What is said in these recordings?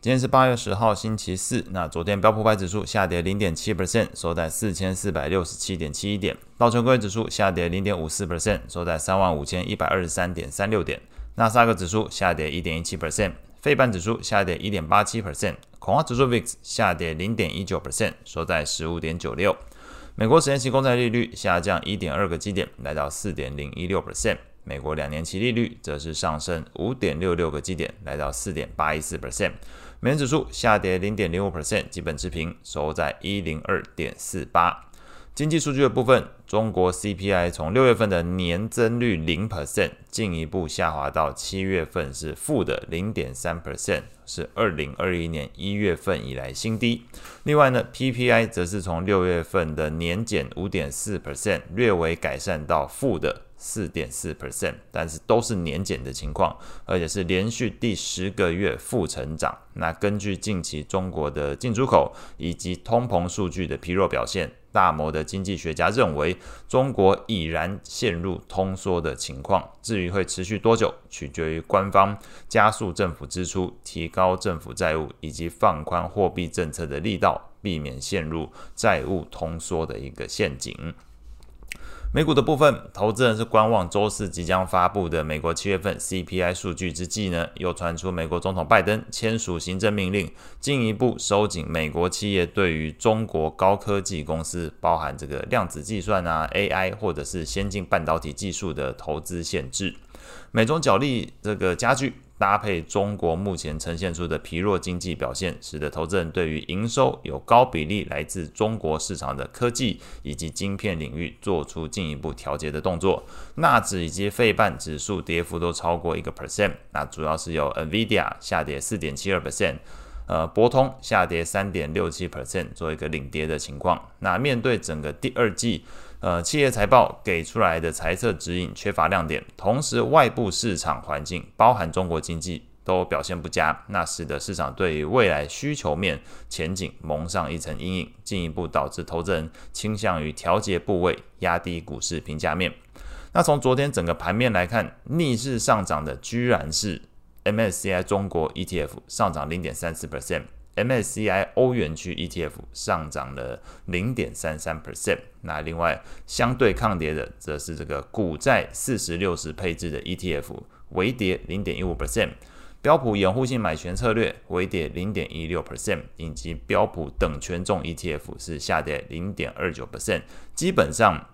今天是八月十號，星期四。那昨天標普五百指數下跌零點七 percent，收在四千四百六十七點七一點。道瓊斯指數下跌零點五四 percent，收在三萬五千一百二十三點三六點。納斯達克指數下跌一點一七 percent，費半指數下跌一點八七 percent，恐慌指數 VIX 下跌零點一九 percent，收在十五點九六。美國十年期公債利率下降一點二個基點，來到四點零一六 percent。美國兩年期利率則是上升五點六六個基點，來到四點八一四 percent。美元指數下跌零點零五 percent，基本持平，收在一零二點四八。經濟數據的部分，中國 CPI 從六月份的年增率零 percent 進一步下滑到七月份是負的零點三 percent，是二零二一年一月份以來新低。另外呢，PPI 則是從六月份的年減五點四 percent 略微改善到負的四點四 percent，但是都是年減的情況，而且是連續第十個月負成長。那根據近期中國的進出口以及通膨數據的疲弱表現，大摩的經濟學家認為，中國已然陷入通縮的情況。至於會持續多久，取決於官方加速政府支出、提高政府債務以及放寬貨幣政策的力道，避免陷入債務通縮的一個陷阱。美股的部分，投資人是觀望周四即將發布的美國七月份 CPI 數據之際呢，又傳出美國總統拜登簽署行政命令，進一步收緊美國企業對於中國高科技公司，包含這個量子計算啊、AI 或者是先進半導體技術的投資限制，美中角力這個加劇。搭配中國目前呈現出的疲弱經濟表現，使得投資人對於營收有高比例來自中國市場的科技以及晶片領域做出進一步調節的動作。納指以及費半指數跌幅都超過一個 percent，那主要是由 NVIDIA 下跌四點七二 percent，呃，博通下跌三點六七 percent，做一個領跌的情況。那面對整個第二季。呃，企業財報給出來的財測指引缺乏亮點，同時外部市場環境，包含中國經濟都表現不佳，那使得市場對於未來需求面前景蒙上一層陰影，進一步導致投資人傾向於調節部位，壓低股市評價面。那從昨天整個盤面來看，逆勢上漲的居然是 MSCI 中國 ETF，上漲零點三四 percent。MSCI 歐元區 ETF 上漲了零點三三 percent，那另外相對抗跌的，則是這個股債四十六十配置的 ETF 微跌零點一五 percent，標普掩護性買權策略微跌零點一六 percent，以及標普等權重 ETF 是下跌零點二九 percent，基本上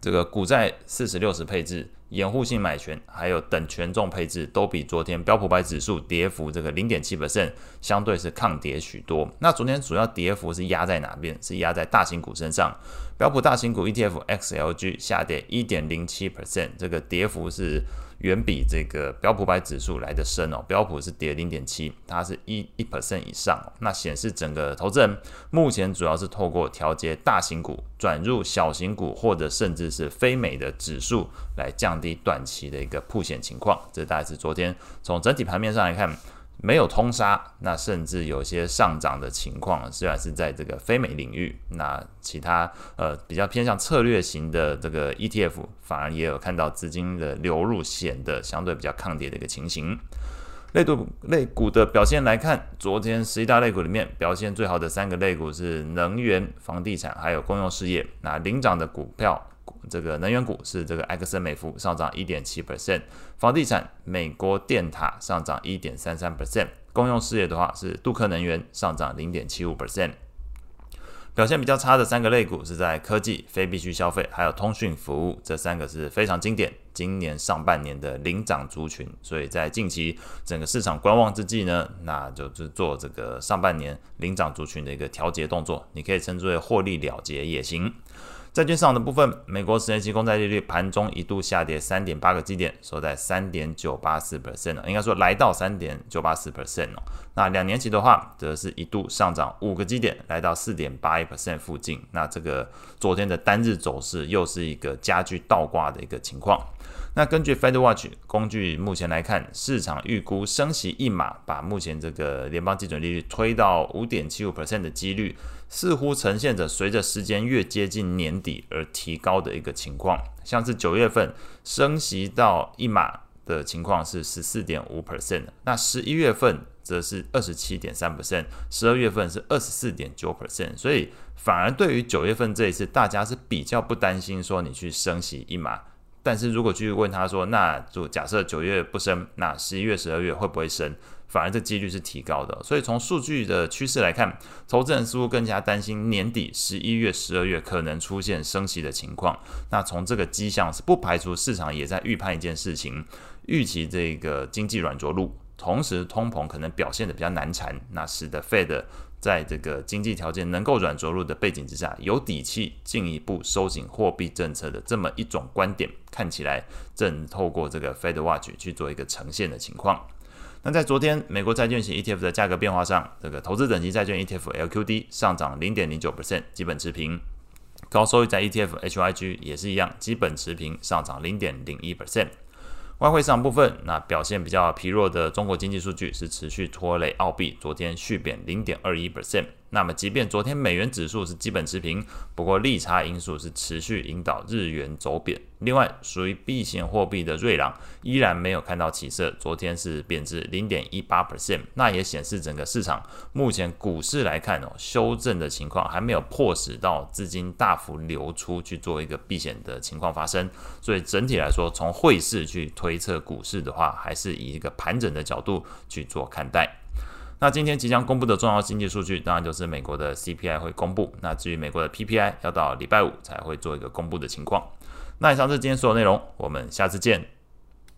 這個股債四十六十配置，掩護性買權還有等權重配置都比昨天標普百指數跌幅這個零點七 percent 相對是抗跌許多。那昨天主要跌幅是壓在哪邊？是壓在大型股身上。標普大型股 ETF XLG 下跌一點零七 percent，這個跌幅是。遠比這個標普白指數來得深哦，標普是跌零點七，它是一一 percent 以上，哦，那顯示整個投資人目前主要是透過調節大型股轉入小型股，或者甚至是非美的指數來降低短期的一個曝險情況。這大概是昨天從整體盤面上來看。沒有通殺，那甚至有些上漲的情況，雖然是在這個非美領域，那其他呃比較偏向策略型的這個 ETF，反而也有看到資金的流入，顯得相對比較抗跌的一個情形。類股類股的表現來看，昨天十一大類股裡面表現最好的三個類股是能源、房地產還有公用事業，那領漲的股票。這個能源股是這個埃克森美孚上漲一點七 percent，房地產美國電塔上漲一點三三 percent，公用事業的話是杜克能源上漲零點七五 percent，表現比較差的三個類股是在科技、非必需消費還有通訊服務，這三個是非常經典，今年上半年的領漲族群，所以在近期整個市場觀望之際呢，那就是做這個上半年領漲族群的一個調節動作，你可以稱之為獲利了結也行。債券上的部分，美國實驗期公債利率盤中一度下跌三點八個基點，收在三點九八四 percent，應該說來到三點九八四 percent。那兩年期的話，則是一度上漲五個基點，來到四點八一 percent 周近。那這個昨天的單日走勢又是一個加劇倒掛的一個情況。那根據 Fed Watch 工具目前來看，市場預估升息一碼，把目前這個聯邦基準利率推到五點七五 percent 的幾率。似乎呈現着隨着時間越接近年底而提高的一個情況，像是九月份升息到一碼的情況是十四點五 percent，那十一月份則是二十七點三 percent，十二月份是二十四點九 percent，所以反而對於九月份這一次，大家是比較不擔心說你去升息一碼。但是如果繼續問他說，那就假設九月不升，那十一月、十二月會不會升？反而這幾率是提高的。所以從數據的趨勢來看，投資人似乎更加擔心年底十一月、十二月可能出現升息的情況。那從這個跡象是不排除市場也在預判一件事情，預期這個經濟軟着陸，同時通膨可能表現得比較難纏，那使得 Fed，在這個經濟條件能夠軟着陸的背景之下，有底氣進一步收緊貨幣政策的這麼一種觀點，看起來正透過這個 Fed Watch 去做一個呈現的情況。那在昨天美國債券型 ETF 的價格變化上，這個投資等級債券 ETF LQD 上漲零點零九 percent，基本持平；高收益債 ETF HYG 也是一樣，基本持平，上漲零點零一 percent。外匯市場部分，那表現比較疲弱的中國經濟數據是持續拖累澳幣，昨天續貶零點二一 percent。那麼，即便昨天美元指數是基本持平，不過利差因素是持續引導日元走貶。另外，屬於避險貨幣的瑞郎依然沒有看到起色，昨天是貶值零點一八 percent。那也顯示整個市場目前股市來看哦，修正的情況還沒有迫使到資金大幅流出去做一個避險的情況發生。所以整體來說，從匯市去推測股市的話，還是以一個盤整的角度去做看待。那今天即將公布的重要經濟數據，當然就是美國的 CPI 會公布。那至於美國的 PPI，要到禮拜五才會做一個公布的情況。那以上是今天所有內容，我們下次見。